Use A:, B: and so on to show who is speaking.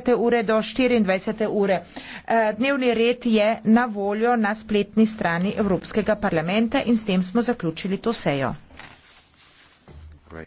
A: 20. ure do 24. ure. E, dnevni red je na voljo na spletni strani Evropskega parlamenta in s tem smo zaključili to sejo.